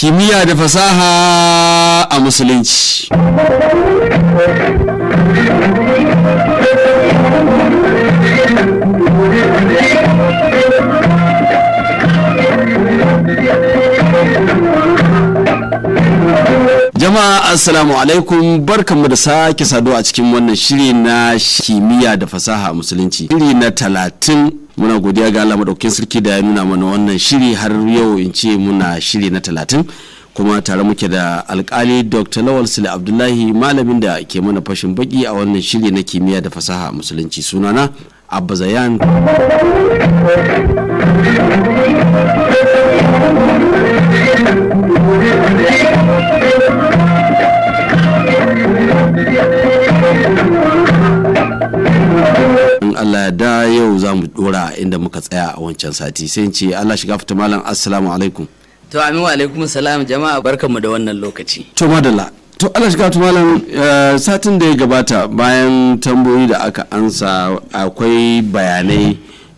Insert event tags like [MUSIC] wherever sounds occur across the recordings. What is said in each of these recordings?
kimiyya da fasaha a musulunci jama'a assalamu alaikum barkanmu da sake saduwa a cikin wannan shiri na kimiyya da fasaha a musulunci shiri na talatin muna godiya ga Allah madaukakin sarki da ya nuna mana wannan shiri har yau in ce muna shiri na talatin kuma tare muke da alkali dr lawal sule abdullahi malamin da ke mana fashin baki a wannan shiri na kimiyya da fasaha musulunci sunana abba zayan wancan sati sai in ce Allah shiga fita malam assalamu alaikum to amin wa alaikum salam jama'a barkanmu da wannan lokaci to madalla to Allah shiga fita malam eh, satin da ya gabata bayan tambayoyi da aka ansa akwai bayanai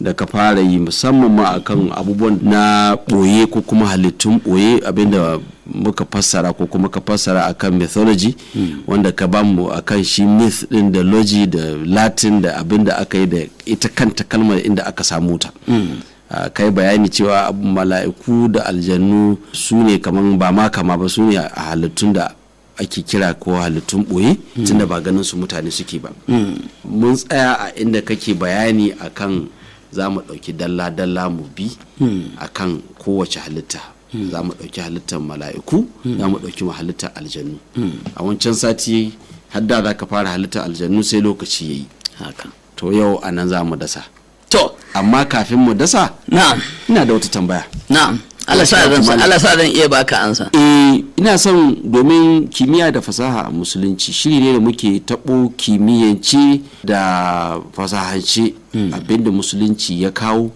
da ka fara yi musamman ma akan abubuwan na ɓoye ko kuma halittun ɓoye abinda muka fassara ko kuma ka fassara akan mythology hmm. wanda ka bamu akan shi myth din da logi da latin da abinda aka yi da ita kanta kalmar inda aka samu ta hmm. kai bayani cewa mala'iku da aljannu su ne kaman ba ma kama ba su ne a halittun da ake kira ko halittun ɓoye hmm. tunda ba ganin su mutane suke ba mun tsaya a inda kake bayani akan za mu ɗauki dalla-dalla mu bi hmm. a kan kowace halitta hmm. za mu ɗauki halittar mala'iku hmm. za mu ɗauki halittar aljannu a wancan sati hadda za ka fara halittar aljannu sai lokaci ya yi to yau a nan za mu dasa to amma kafin mu dasa ina da wata tambaya Allah sa zan iya baka ansa. Eh ina son domin kimiyya da fasaha a musulunci shi ne da muke taɓo kimiyyance da fasahance hmm. abinda musulunci ya kawo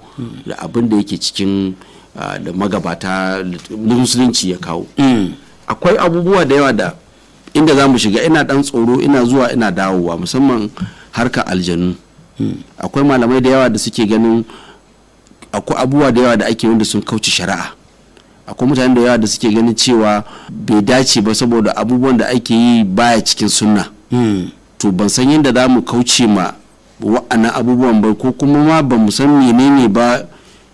da abinda yake cikin ah, da magabata musulunci ya kawo. Hmm. Akwai abubuwa da yawa da inda za mu shiga ina dan tsoro ina zuwa ina dawowa musamman harkar aljanu. Hmm. Akwai malamai da yawa da suke ganin akwai abubuwa da yawa da ake wanda sun kauce shari'a akwai mutane da yawa da suke ganin cewa bai dace ba saboda abubuwan da ake yi baya cikin sunna hmm. to ban san yadda za mu kauce ma wa'annan abubuwan ba ko kuma ma ba mu san menene ba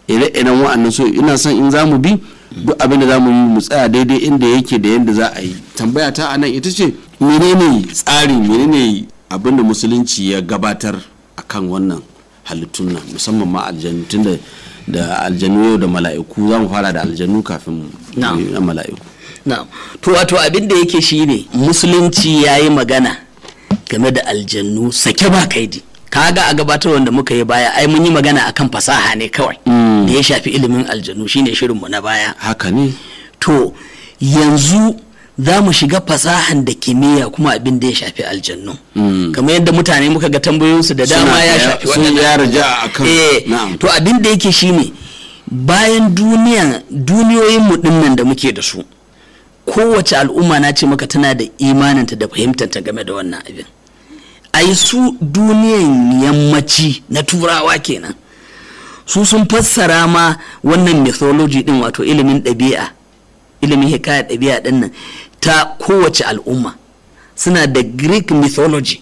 ire-iren wa'annan so ina son in za mu bi duk abin da za mu yi mu tsaya daidai inda yake da yadda za a yi tambaya ta anan ita ce menene tsari menene abin da musulunci ya gabatar akan wannan halittun nan musamman ma aljannu tunda da aljanu da mala'iku za mu fara da aljanu kafin na mala'iku to wato abin da yake shi ne musulunci ya yi magana game da aljannu sake ba kaidi kaga a gabatar wanda muka yi baya ai mun yi magana akan fasaha ne kawai mm. da ya shafi ilimin aljanu shine shirinmu na baya haka ne to yanzu za mu shiga fasahan da kimiyya kuma abin da ya shafi aljannu hmm. kamar yadda mutane muka ga tambayoyinsu da dama ya shafi eh, to abin da yake shine bayan duniya duniyoyin mu nan da muke da su kowace al'umma na ce maka tana da imaninta da fahimtanta game da wannan abin ai su duniyan yammaci na turawa kenan su sun fassara ma wannan mythology din wato ilimin ɗabi'a ilimin hikaya ɗabi'a ɗin nan ta kowace al'umma suna da greek mythology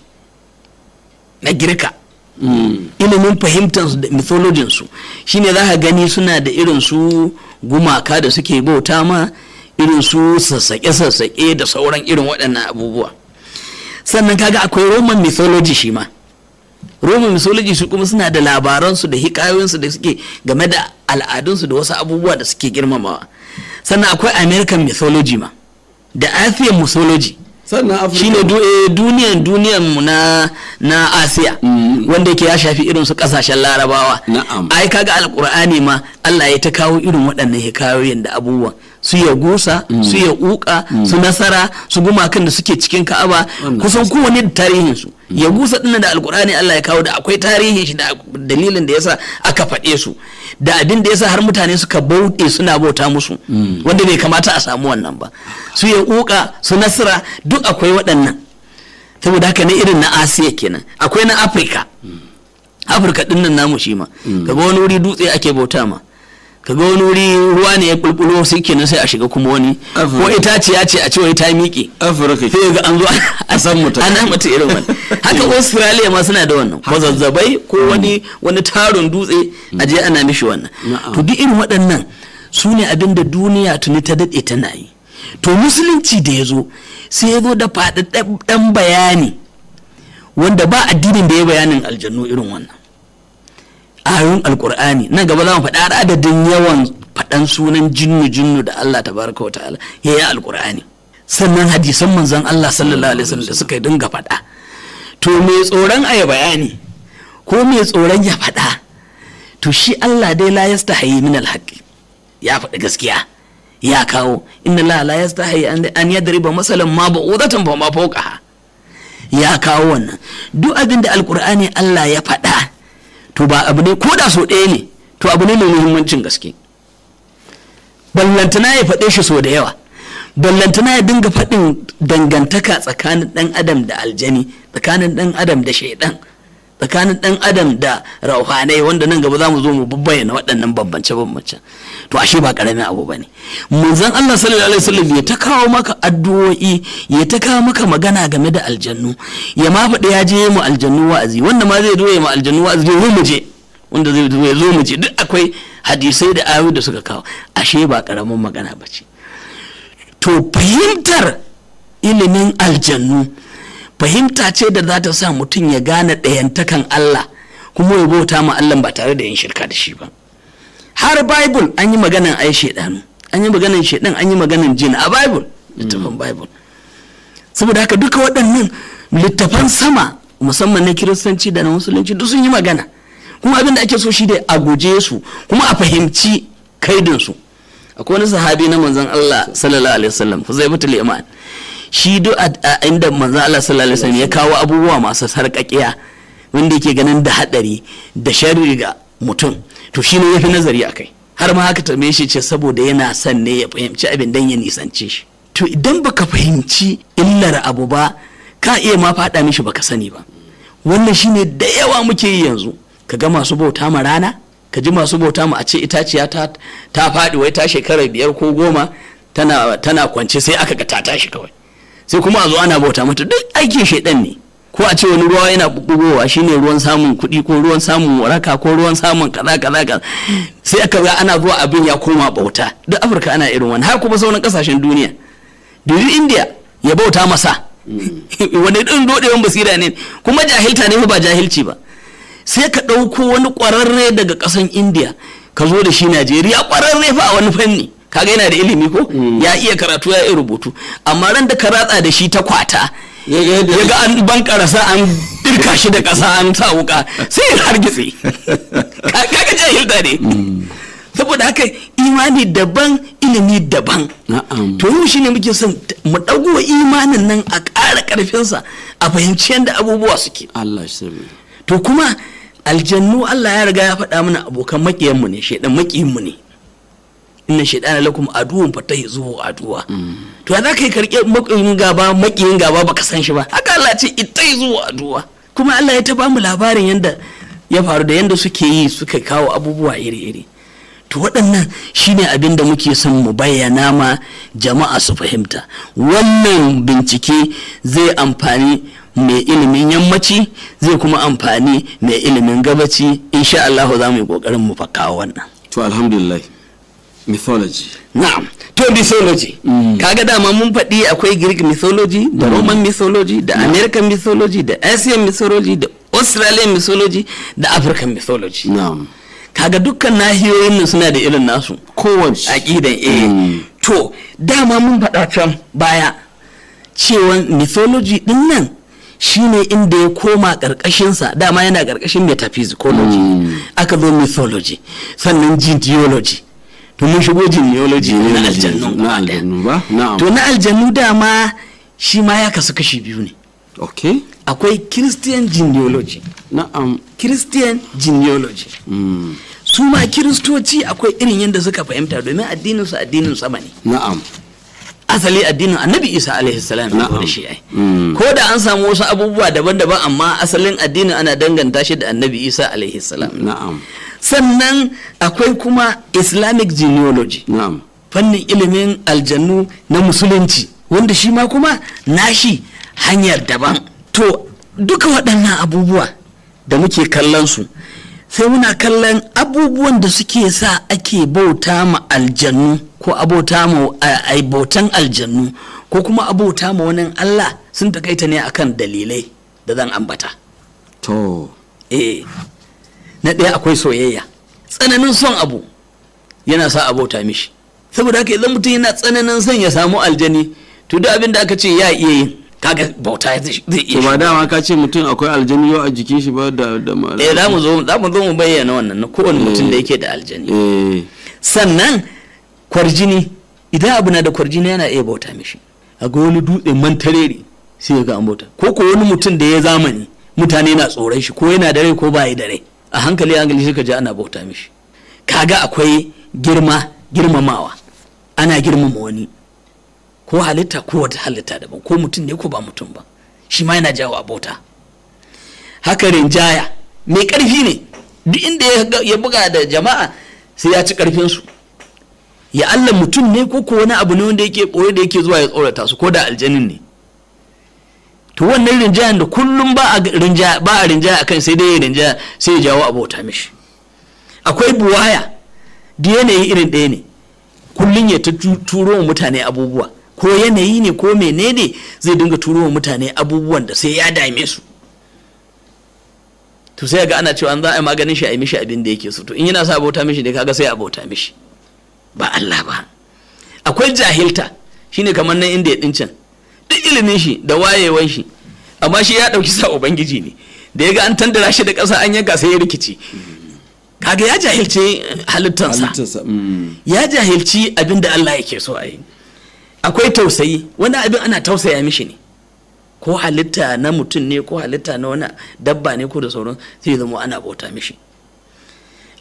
na girka hmm. ilimin fahimtar mythology su shine za ka gani suna da irin su gumaka da suke bauta ma irin su sassaƙe-sassaƙe da sauran irin waɗannan abubuwa sannan kaga akwai roman mythology shi ma roman mythology su kuma suna da labaransu da hikayoyinsu da suke game da al'adunsu da wasu abubuwa da suke girmamawa sannan akwai american mythology ma da asian mythology sannan shine eh, duniyan duniyan mu na na asiya mm. wanda yake ya shafi irin su kasashen larabawa na'am ai kaga alqur'ani ma Allah ya ta kawo irin waɗannan hikayoyin da abubuwan su ya gusa mm. su ya uka mm. su nasara su gumakan da suke cikin ka'aba kusan kowane da tarihin su mm. ya gusa din da alkur'ani Allah ya kawo da akwai tarihin shi da dalilin da yasa aka faɗe su da abin da yasa har mutane suka bauɗe suna bauta musu wanda bai kamata a samu wannan ba su ya uka su nasara duk akwai waɗannan saboda haka ne irin na asiya kenan akwai na afirka afirka dinnan namu shi ma gaba wani wuri dutse ake bauta ma kaga wani wuri ruwa ne ya bulbulo sai nan sai a shiga kuma wani ko ita ce a ce cewa ita miƙe afirka sai ga an zo a san mutum [LAUGHS] ana mata irin wani haka australia ma suna da wannan ko zazzabai mm. ko wani wani tarin dutse a je ana mishi wannan to duk irin waɗannan su ne abin da duniya tuni ta daɗe tana yi to musulunci da ya zo sai ya zo da faɗaɗɗen bayani wanda ba addinin da ya bayanin aljannu irin wannan ayoyin alkur'ani nan gaba za mu faɗa adadin yawan faɗan sunan jinnu jinnu da Allah baraka wa ta'ala ya yi alkur'ani sannan hadisan manzon Allah sallallahu alaihi wasallam da suka dinga faɗa to me tsoron a bayani ko me tsoron ya faɗa to shi Allah dai la yastahi min alhaqi ya faɗi gaskiya ya kawo inna la la yastahi an yadriba masalan ma ba'udatan ba ma fawqaha ya kawo wannan duk abin da alkur'ani Allah ya faɗa to ba abu ne ko da sau ɗaya ne to abu ne mai muhimmancin gaske ballantana ya faɗe shi sau da yawa ballantana ya dinga faɗin dangantaka tsakanin ɗan adam da aljani tsakanin ɗan adam da shaidan tsakanin ɗan adam da rauhanai wanda nan gaba za mu zo mu bayyana waɗannan bambance bambance to ashe ba ƙaramin abu ba ne manzon Allah sallallahu alaihi wasallam ya ta kawo maka addu'o'i ya ta kawo maka magana game da aljannu ya ma faɗi ya je mu aljannu wa'azi wanda ma zai zo ya mu aljannu wa'azi zai mu je wanda zai zo ya zo mu je duk akwai hadisai da ayoyi da suka kawo ashe ba ƙaramin magana ba ce to fahimtar ilimin aljannu fahimta ce da za ta sa mutum ya gane ɗayantakan Allah kuma ya bauta ma Allah ba tare da yin shirka da shi ba har bible an yi maganan ai an yi maganan Shaiɗan, an yi maganan jin a bible littafin bible saboda haka duka waɗannan littafan sama musamman na kiristanci da na musulunci duk sun yi magana kuma abin da ake so shi da a guje su kuma a fahimci kaidinsu akwai wani sahabi na manzon Allah sallallahu alaihi wasallam Huzaifatu iman shi duk a inda manzo Allah sallallahu alaihi ya kawo abubuwa masu sarƙaƙiya wanda yake ganin da hadari da sharri ga mutum to shi ne ya nazari a kai har ma haka tambaye shi ce saboda yana son ne ya fahimci abin dan ya nisance shi to idan baka fahimci illar abu ba ka iya ma faɗa mishi baka sani ba wannan shine da yawa muke yi yanzu ka ga masu bauta ma rana ka ji masu bauta ma a ce itaciya ta faɗi wai ta shekara biyar ko goma tana kwance sai aka ga ta tashi kawai sai kuma a zo ana bauta mata duk aikin shaidan ne ko a ce wani ruwa yana bubbugowa shine ruwan samun kuɗi ko ruwan samun waraka ko ruwan samun kaza kaza kaza sai aka ga ana zuwa abin ya koma bauta duk afirka ana irin wani har kuma sauran kasashen duniya dubi india ya bauta masa [LAUGHS] wani ɗin dodewan basira ne kuma jahilta ne ba jahilci ba sai ka ɗauko wani ƙwararre daga ƙasan india ka zo da shi najeriya ƙwararre fa a wani fanni kaga yana da ilimi ko mm. ya iya karatu ya iya rubutu amma ran da ka ratsa da shi ta kwata ya ga an ban karasa an dirka shi da kasa an sa wuka sai ya hargitse [LAUGHS] kaga jahilta ne mm. saboda haka imani daban ilimi daban to yau shi ne muke son mu ɗago imanin nan a ƙara ƙarfinsa a fahimci yadda abubuwa suke Allah to kuma aljannu Allah ya riga ya faɗa mana abokan makiyanmu ne shaidan maƙiyinmu ne inna shaitana lakum aduwwun fatahzuhu aduwa mm. to ya zaka yi karke makiyin gaba makiyin gaba baka san shi ba haka Allah ce zuwa aduwa kuma Allah ya ta bamu labarin yanda ya faru da yanda suke yi suka kawo abubuwa iri-iri to waɗannan shine abin da muke son mu bayyana ma jama'a su fahimta wannan bincike zai amfani mai ilimin yammaci zai kuma amfani mai ilimin gabaci insha Allah za mu yi ƙoƙarin mu kawo wannan to alhamdulillah mythology na'am to mythology mm. kaga dama mun faɗi akwai greek mythology da mm. roman mythology da mm. american mythology da asian mythology da australian mythology da african mythology na'am kaga dukkan nahiyoyin nan suna da irin nasu kowace aqidan eh to dama mun faɗa can baya cewa mythology din nan shine inda ya koma ƙarƙashinsa dama yana ƙarƙashin metaphysicology aka zo mythology sannan geology to mun shigo genealogy ne na aljannu na aljannu ba na'am to na aljannu dama shi ma ya kasu kashi biyu ne okay akwai christian genealogy na'am christian genealogy mm. su ma kiristoci akwai irin yadda suka fahimta domin addinin su addinin sama ne na'am asali addinin annabi isa alaihi salam da shi ai ko da an samu wasu abubuwa daban-daban amma asalin addinin ana danganta shi da annabi isa alaihi salam na'am sannan akwai kuma islamic genealogy na'am fannin ilimin aljannu na musulunci wanda shi ma kuma nashi hanyar daban to duka waɗannan abubuwa da muke kallon su sai muna kallon abubuwan da suke sa ake bauta ma aljannu ko abota ma bautan aljannu ko kuma abota ma wani Allah sun takaita ne akan dalilai da zan ambata to eh na ɗaya akwai soyayya tsananin son abu yana sa abota mishi saboda haka idan mutum yana tsananin son ya samu aljani to duk abin da aka ce ya iya yin kaga bauta zai iya ba dama ka ce mutum akwai aljani yau a jikin shi ba da da malam eh zamu zo zamu zo mu bayyana wannan na kowane eh. mutum da yake da aljani eh. sannan kwarjini idan abu na da kwarjini yana iya bauta mishi akwai wani dutse mantarere sai ya ga an bauta ko ko wani mutum da ya zamani mutane na tsoron shi ko yana da rai ko ba yi da rai a hankali hankali shi ka ji ana bauta mishi kaga akwai girma girmamawa ana girmama wani ko halitta ko wata halitta daban ko mutum ne ko ba mutum ba shi ma yana jawo abota haka rinjaya mai ƙarfi ne duk inda ya buga da jama'a sai ya ci ƙarfinsu ya allah mutum ne ko ko wani abu ne wanda yake boye da yake zuwa ya tsorata su ko da aljanin ne to wannan rinjayan da kullum ba a rinjaya a kan sai dai ya rinjaya sai ya jawo abota mishi akwai buwaya da yanayi irin ɗaya ne kullum ya ta turo mutane abubuwa ko yanayi ne ko menene zai dinga turo wa mutane abubuwan da sai ya dame su to sai ga ana cewa an za a maganin shi a yi mishi abin da yake so to in yana sa abota mishi ne kaga sai a mishi ba Allah ba akwai jahilta shine kamar nan inda ya dincin duk ilimin shi da wayewan shi amma shi ya dauki sa ubangiji ne da ya ga an tandara shi da ƙasa an yanka sai ya rikici kaga ya jahilci halittansa mm. ya jahilci abin da Allah yake so a yi akwai tausayi wani abin ana tausaya mishi ne ko halitta na mutum ne ko halitta na wani dabba ne ko da sauran sai zama ana bauta mishi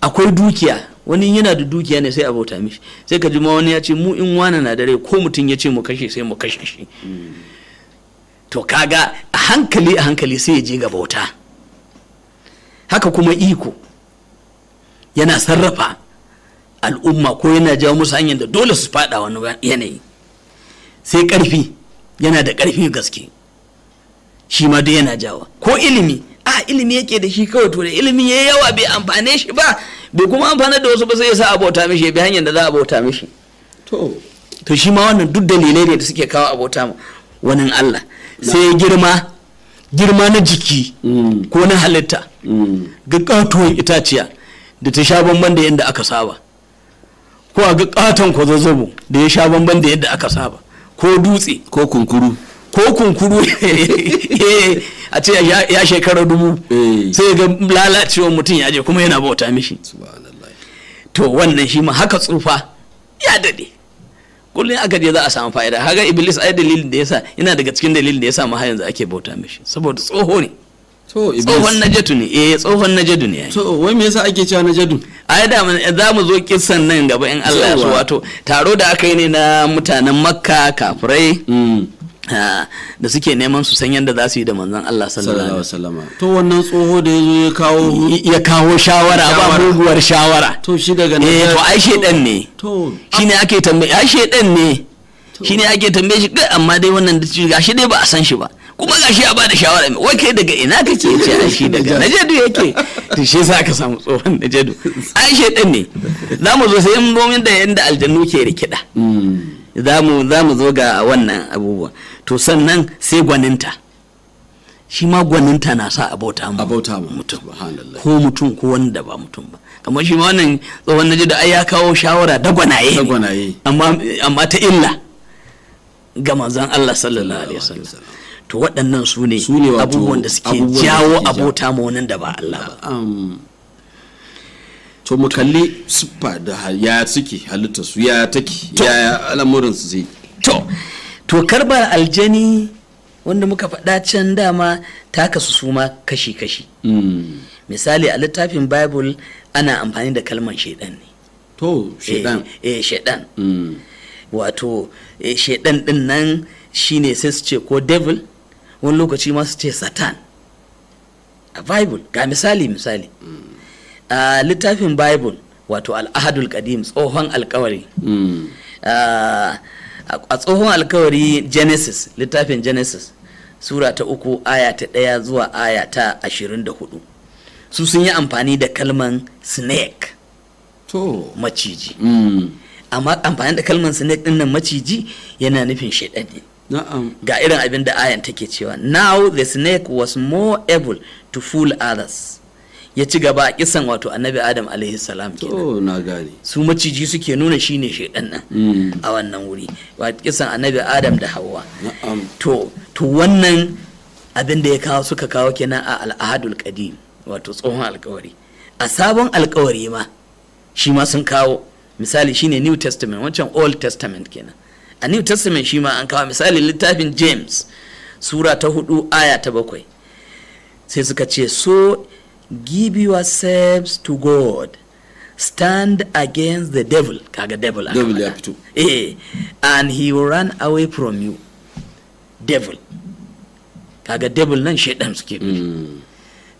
akwai dukiya wani yana da dukiya ne sai a bauta mishi sai ka ji ma wani ya ce mu in wani na dare ko mutum ya ce mu kashe sai mu kashe shi hmm. to kaga a hankali a hankali sai ya je ga bauta haka kuma iko yana sarrafa al'umma ko yana jawo musu hanyar da dole su faɗa wani yanayi sai ƙarfi yana da ƙarfi gaske shi ma duk yana jawo. ko ilimi a ilimi yake da shi kawai to da ilimi ya yawa bai amfane shi ba bai kuma amfane da wasu ba sai ya sa abota mishi bi hanyar da za a bauta mishi to to shi ma wannan duk dalilai ne da suke kawo abota wani Allah sai girma girma na jiki mm. ko na halitta mm. ga katuwar itaciya da ta sha bamban da yadda aka saba ko a ga katon kwazazzabo da ya sha bamban da yadda aka saba ko dutse ko kunkuru ko kunkuru [LAUGHS] eh, a ce ya shekara dubu eh. sai ga lalacewar mutum ya je kuma yana bauta mishi to wannan shi ma haka tsufa ya dade kullum aka je za a samu fa'ida haka iblis ai dalilin da yasa yana daga cikin dalilin da yasa ma har yanzu ake bauta mishi saboda tsoho ne tsohon najadu ne eh tsohon najadu ne to wai me yasa ake cewa najadu ai da eh, za mu zo kissan nan gaba in Allah ya so wato taro da aka yi ne na mutanen makka kafirai mm. da suke neman su san yadda za su yi da manzon Allah sallallahu alaihi wasallam to wannan tsoho da yazo ya kawo ya kawo shawara ba muguwar shawara to shi daga nan eh to ai shedan ne to shine ake tambaye ai shedan ne shine ake tambaye shi amma dai wannan da shi dai ba a san shi ba kuma ga shi a bada shawara mai wake daga ina kake ce shi daga najadu yake to shi sa aka samu tsohon najadu an shaidan ne za mu zo sai in bomin da yadda aljannu ke rikida mm. za mu zo ga wannan abubuwa to sannan sai gwaninta shi ma gwaninta na sa abota mu abota mu mutum ko mutum ko wanda ba mutum ba kamar shi ma wannan tsohon najadu ai ya kawo shawara da gwanaye da gwanaye amma amma ta illa ga manzon Allah sallallahu alaihi wasallam to waɗannan su ne abubuwan da suke jawo abota ma wannan da ba Allah ba to mu kalli siffa da ya suke halitta su ya take ya al'amuran su zai to to karbar aljani wanda muka faɗa can dama ta kasu suma kashi kashi hmm. misali a littafin bible ana amfani da kalmar shaidan ne to shaidan eh, eh shaidan hmm. wato eh, shaidan din nan shine sai su ce ko devil wani lokaci masu ce satan a bible ga misali misali mm. a littafin bible wato al'ahadul kadim tsohon alkawari mm. a tsohon alkawari genesis littafin genesis sura ta uku aya ta ɗaya zuwa aya ta ashirin da hudu su sun yi amfani da kalman snake to maciji mm. amma amfani da kalman snake dinnan maciji yana nufin shaidan ga irin abin da ayan take cewa now the snake was more able to fool others ya ci gaba a kisan wato annabi adam alaihi salam su maciji suke nuna ne shaidan nan mm. a wannan wuri wato kisan annabi adam da hawa to to wannan abin da ya kawo suka kawo kenan a al'adul qadim wato tsohon alkawari a sabon alkawari ma shi ma sun kawo misali shine new testament wancan old testament kenan a new testament shi ma an kawo misali littafin james sura ta hudu aya ta bakwai sai suka ce so give yourselves to god stand against the devil kaga devil devil ya fito eh and he will run away from you devil kaga devil nan shaidan suke hmm.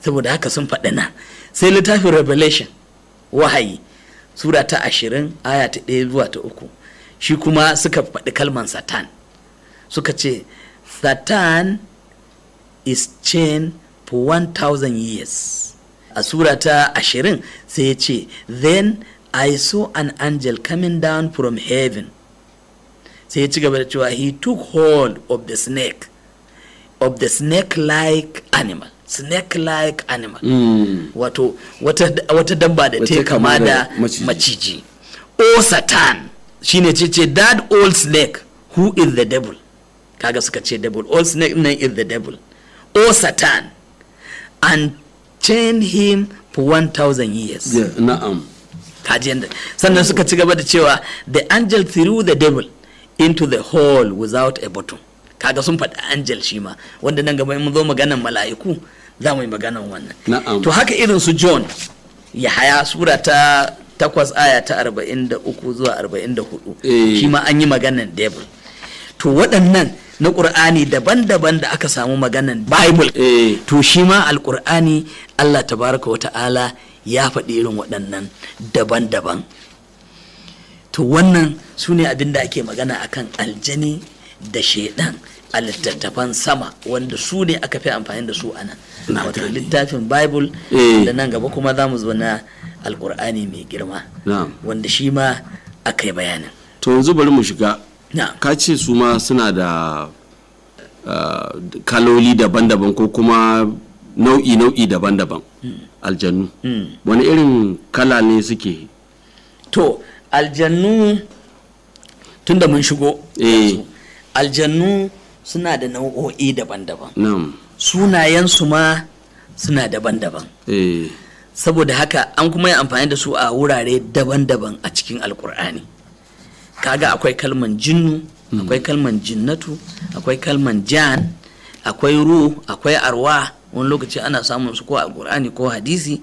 saboda haka sun faɗi nan sai littafin revelation wahayi sura ta ashirin aya ta ɗaya zuwa ta uku shi kuma suka faɗi kalman satan suka ce satan is chain for 1000 years a sura ta ashirin sai ya ce then i saw an angel coming down from heaven sai ya ci gaba da cewa he took hold of the snake of the snake-like animal snake-like animal mm. wato wata, wata damba da ta kama da maciji o satan shine ce ce that old snake who is the devil kaga suka ce devil old snake nan is the devil o satan and chain him for 1000 years yeah, na'am sannan suka ci gaba da cewa the angel threw the devil into the hole without a bottom kaga sun faɗi angel shi ma wanda nan gaba mun zo maganan mala'iku za mu yi maganan wannan to haka irin su john ya haya sura ta takwas aya ta arba'in da uku zuwa arba'in da hudu eh. shi ma an yi maganan devil to waɗannan na ƙur'ani daban-daban da aka samu maganan bible eh. to shi ma alƙur'ani allah tabaraka wata'ala ya faɗi irin waɗannan daban-daban to wannan su ne abin da ake magana akan aljani da shaidan a littattafan sama wanda su ne aka fi amfani da su a nan wato littafin bible eh. da nan gaba kuma za mu zo na alkur'ani mai girma wanda shi ma aka yi bayanin to yanzu bari mu shiga ka ce su ma suna da ah, kaloli daban-daban ko kuma nau'i-nau'i daban-daban hmm. aljannu hmm. wani irin kala ne suke to aljannu tunda mun shigo eh. aljannu suna da nau'o'i daban-daban sunayensu ma suna daban-daban eh. saboda haka an kuma yi amfani da su a wurare daban-daban a cikin alkur'ani kaga akwai kalman jinnu hmm. akwai kalman jinnatu akwai kalman jan akwai ru akwai arwa wani lokaci ana samun su ko a qur'ani ko hadisi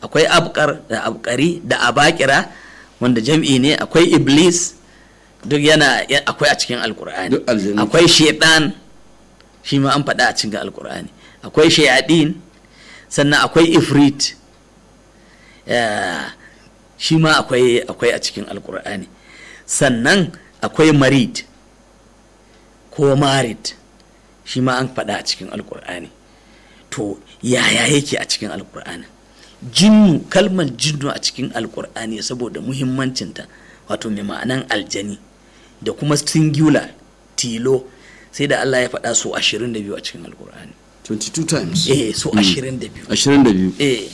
akwai abkar da abkari da abakira wanda jam'i ne akwai iblis duk yana akwai a cikin alkur'ani akwai shaidan shi ma an faɗa a cikin alkur'ani akwai shayadin sannan akwai ifrit shi ma akwai a cikin alkur'ani sannan akwai marid ko marid shi ma an faɗa a cikin alkur'ani to yaya yake a cikin alkur'ani jinnu kalmar jinnu a cikin alkur'ani saboda muhimmancinta wato mai ma'anan aljani da kuma singular tilo sai da Allah ya faɗa so 22 a cikin alkur'ani 22 times eh so 22 hmm. 22 eh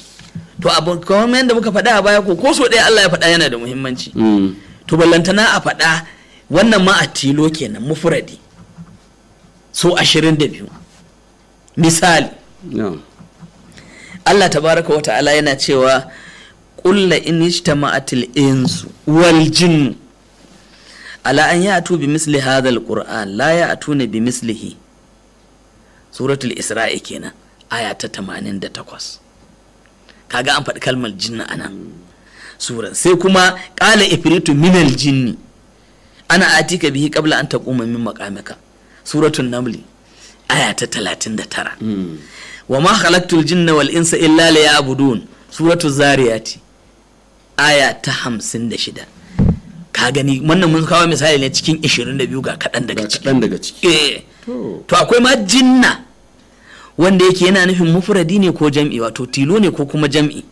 to abu kamar yadda muka faɗa a baya ko ko so ɗaya Allah ya faɗa yana da muhimmanci hmm. to ballantana a faɗa wannan ma a tilo kenan mufuradi so 22 misali Allah tabaraka wa ta'ala yana cewa kulla in ijtama'atil insu wal jinnu ala an ya atu bi misli hadal qur'an la ya atuna bi mislihi suratul isra'i kenan aya ta 88 kaga an faɗi kalmar jinna anan suran sai kuma ƙala ifiritu minal jinni ana atika bihi qabla an taquma min maqamika suratul namli aya ta 39 wa ma khalaqtul jinna wal insa illa liya'budun suratul zariyati aya ta 56 ka gani wannan mun kawo misali ne cikin 22 ga kaɗan daga ciki kaɗan daga ciki eh, to akwai ma jinna wanda yake yana nufin mufradi ne ko jam'i wato tilo ne ko kuma jam'i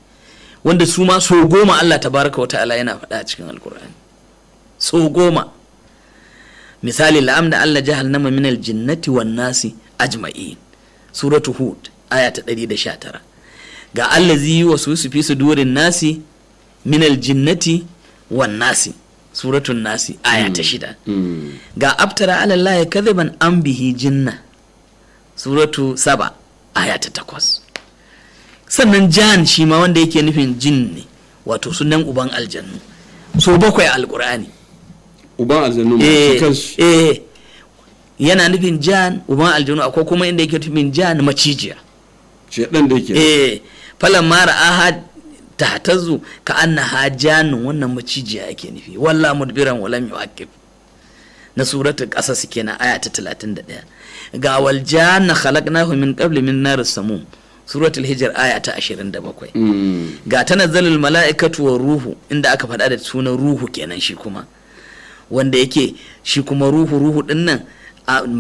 wanda su ma so goma Allah tabaraka wa ta'ala yana faɗa a cikin alkur'ani so goma misali la'am da Allah nama min aljinnati wan nasi ajma'in suratu hud aya ta ɗari da 119 ga allazi wasu su fi sudurin nasi min aljinnati wan nasi suratun nasi aya ta hmm. shida hmm. ga abtara alallahi ban an bihi jinna suratu saba aya ta takwas sannan jan shi ma wanda yake nufin jin ne wato sunan uban aljannu so bakwai alkur'ani uban aljannu eh, eh yana nufin jan uban aljannu akwai kuma inda yake nufin jan macijiya shedan da yake eh falan mara ahad ta tazu ka anna nun wannan macijiya yake nufi walla mudbiran walam yu'aqib na suratul qasas kenan aya ta 31 ga wal janna khalaqnahu min qabli min nar samum suratul hijr aya ta 27 mm. ga tanazzalul mala'ikatu war ruhu inda aka faɗa da sunan ruhu kenan shi kuma wanda yake shi kuma ruhu ruhu dinnan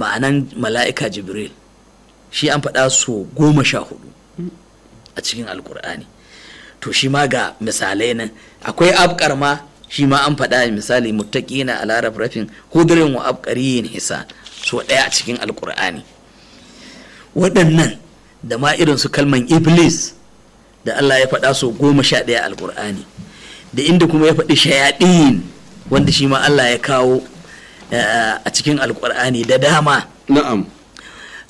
ma'anan mala'ika jibril shi an faɗa so goma sha hudu a cikin alkur'ani to shi ma ga misalai nan akwai abkar ma shi ma an faɗa misali na ala rafin hudurin wa yin hisa so ɗaya a cikin alkur'ani waɗannan da ma irin su kalman iblis da Allah ya faɗa so goma sha ɗaya alkur'ani da inda kuma ya faɗi shayaɗin wanda shi ma Allah ya kawo eh, a cikin alkur'ani da dama na'am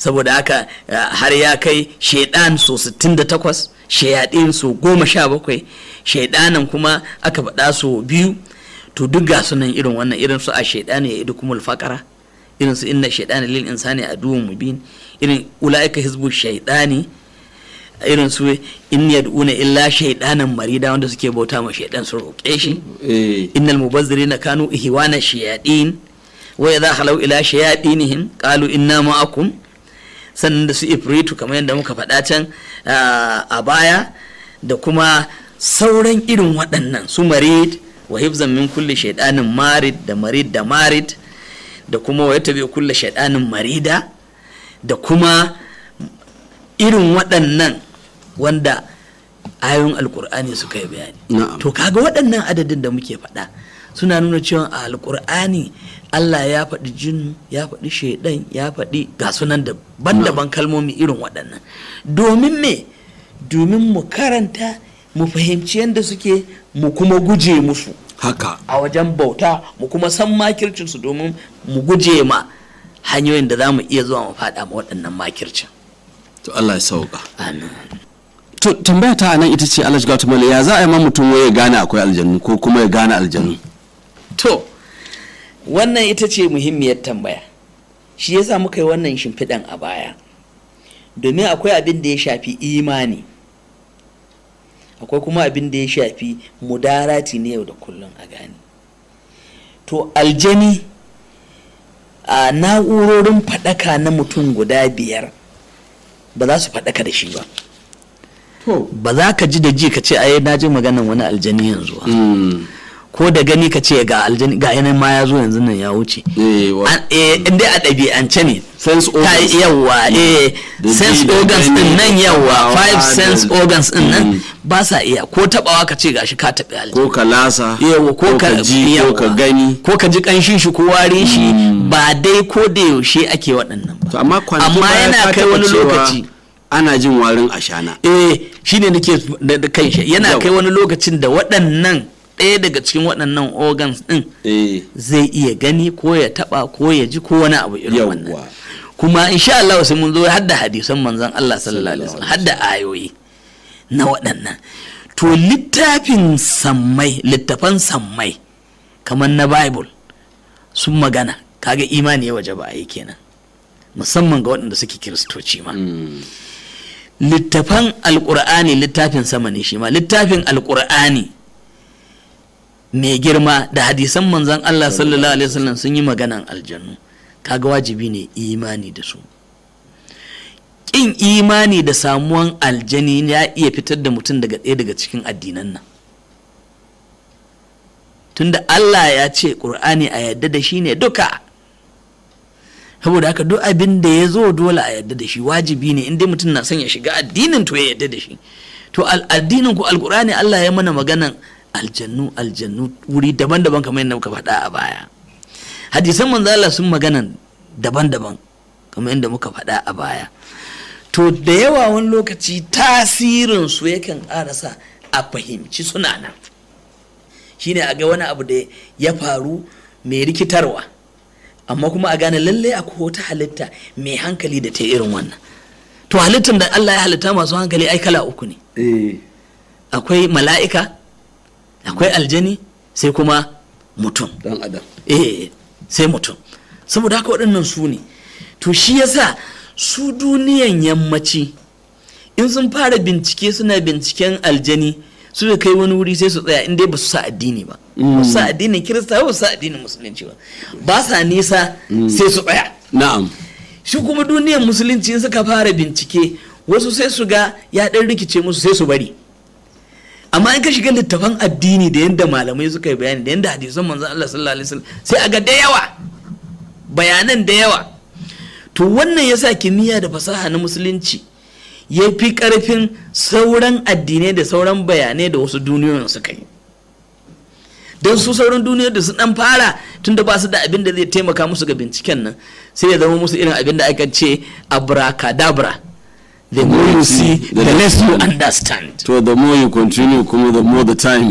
saboda haka eh, har ya kai shaidan so 68 shayaɗin su goma sha bakwai shaidanan kuma aka faɗa su biyu to duk ga sunan irin wannan irin su a shaidani ya idu kuma faƙara irin su inna shaidani lil insani aduwwun mubin irin ula'ika hizbu shaidani irin su in yad'una illa shaidanan marida wanda suke bauta ma shaidan su roƙe shi eh. innal mubazzirina kanu ihwana shayadin wa idha halau ila shayadinihim qalu inna ma'akum sannan da su ifritu kamar yadda muka faɗa can a baya da kuma sauran irin waɗannan su marid wa hifzan min kulli shaidanin marid da marid da marid da kuma wa yattabi kulle shaidanin marida da kuma irin waɗannan wanda ayoyin alkur'ani suka yi bayani to kaga waɗannan adadin da muke faɗa suna nuna cewa a alkur'ani Allah ya faɗi jin ya faɗi shaidan ya faɗi ga sunan da daban kalmomi irin waɗannan domin me domin mu karanta mu fahimci yadda suke mu kuma guje musu haka a wajen bauta mu kuma san makircinsu domin mu guje ma hanyoyin da za mu iya zuwa mu faɗa ma waɗannan makircin to Allah ya sauka amin to tambaya ta nan ita ce Allah ya ya za a yi ma mutum ya gane akwai aljannu ko kuma ya gane aljannu to wannan ita ce muhimmiyar tambaya shi ya sa muka yi wannan shimfiɗan a baya domin akwai abin da ya shafi imani akwai kuma abin da ya shafi mudarati ne yau da kullum a gani to aljani a na'urorin faɗaka na mutum guda biyar ba za su faɗaka da shi ba ba za ka ji da ji ka ce ai na ji maganan wani aljani yanzu hmm. ko da gani ka ce ga aljani ga yanayin ma ya zo yanzu nan ya wuce eh, eh Inda a ɗabi'ance ne sense organs yawa mm. eh sense organs din nan yawa five sense organs din nan ba sa iya ko tabawa ka ce gashi ka tabi aljani ko ka lasa yawa ko ka ji ko ka gani ko ka ji kanshin shi ko ware shi mm. ba dai ko da yaushe ake waɗannan ba amma yana kai wani lokaci ana jin warin ashana eh shine nake da kai yana kai wani lokacin da waɗannan ɗaya daga cikin waɗannan organs ɗin eh. zai iya gani ko ya taɓa ko ya ji ko wani abu irin wannan kuma insha Allah sai mun zo hadda hadisan manzon Allah sallallahu alaihi wasallam hadda ayoyi na waɗannan to littafin sammai littafan sammai kamar na bible sun magana kaga imani ya waje ba a yi kenan musamman ga waɗanda suke kiristoci ma hmm. littafan alƙur'ani littafin sama ne shi ma littafin alƙur'ani mai girma da hadisan manzan Allah sallallahu alaihi wasallam sun yi maganan aljannu kaga wajibi ne imani da su ƙin imani da samuwan aljani ya iya fitar da mutum daga ɗaya daga cikin addinan nan tunda Allah ya ce ƙur'ani a yadda da shi ne duka saboda haka duk abin da ya zo dole a yadda da shi wajibi ne inda mutum na son ya shiga addinin to ya yadda da shi to addinin ku alƙur'ani Allah ya mana maganan aljannu aljannu wuri daban-daban kamar yadda muka faɗa a baya hadisan Manzala sun magana daban-daban kamar yadda muka faɗa a baya to da yawa wani lokaci tasirin su yakan ƙarasa a fahimci suna nan shine a ga wani abu da ya faru mai rikitarwa amma kuma a gane lallai a wata halitta mai hankali da ta irin wannan to halittar da Allah ya halitta masu hankali ai kala uku ne eh. akwai mala'ika akwai aljani sai kuma mutum don adam eh sai mutum saboda haka waɗannan su ne to shi yasa su duniyan yammaci in sun fara bincike suna binciken aljani su da kai wani wuri sai su tsaya inda ba su sa addini ba ba su sa addinin kirista ba su sa addinin musulunci ba ba sa nisa mm. sai su tsaya na'am shi kuma duniyan musulunci in suka fara bincike wasu sai su ga ya ɗan rikice musu sai su bari amma in ka shiga littafan addini da yadda malamai suka yi bayani da yadda hadisan manzon Allah sallallahu alaihi wasallam sai a ga da yawa bayanan da yawa to wannan yasa kimiyya da fasaha na musulunci ya fi karfin sauran addinai da sauran bayanai da wasu duniyoyin suka yi don su sauran duniyar da su dan fara tunda ba su da abin da zai taimaka musu ga binciken nan sai ya zama musu irin abin da aka ce abracadabra the more you see, the, the less you understand. So the more you continue kuma the more the time [LAUGHS]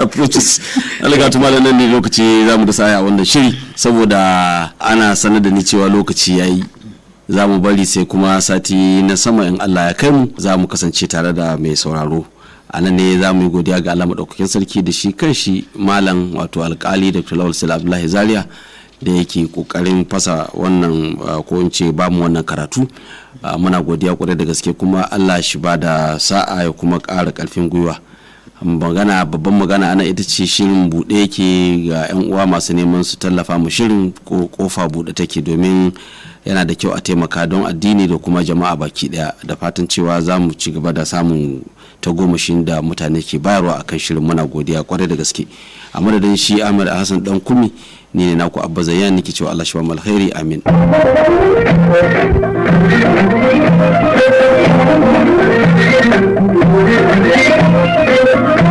approaches. Alaga tuma da nan ne lokaci za mu da saya wannan shiri saboda ana sanar da ni cewa lokaci yayi. Za mu bari sai kuma sati na sama in Allah ya kai mu za mu kasance tare da mai sauraro. a nan ne za mu yi godiya ga Allah maɗaukakin sarki da shi kan shi malam wato alkali da Lawal Sula Abdullahi Zaria da yake kokarin fasa wannan ah, ko in ce bamu wannan karatu ah, muna godiya kwarai da gaske kuma allah shi ba da sa'a ya kuma ƙara ƙarfin gwiwa magana babban magana ana ita ce shirin buɗe yake ga 'yan uwa masu neman su tallafa mu shirin ko kofa buɗe take domin yana da kyau a taimaka don addini da kuma jama'a baki ɗaya da fatan cewa za mu ci gaba da samun tagomashin da mutane ke bayarwa akan shirin muna godiya kwarai da gaske a madadin shi ahmad hassan dan kumi ni ne naku abba zayan nake Allah shwa ba amin Thank you.